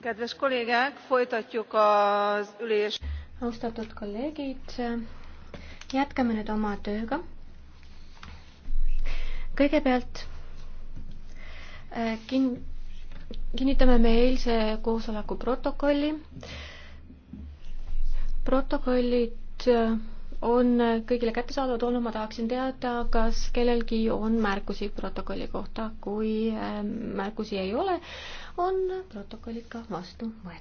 kedves kollégák, folytatjuk az ülés. austatud kolleegid, jätkame nüüd oma tööga. kõigepealt eh, kin-, kinnitame me eilse koosoleku protokolli. protokollid eh, on kõigile kättesaadavad olnud, ma tahaksin teada, kas kellelgi on märkusi protokolli kohta, kui eh, märkusi ei ole, on protokollid ka vastu võetud.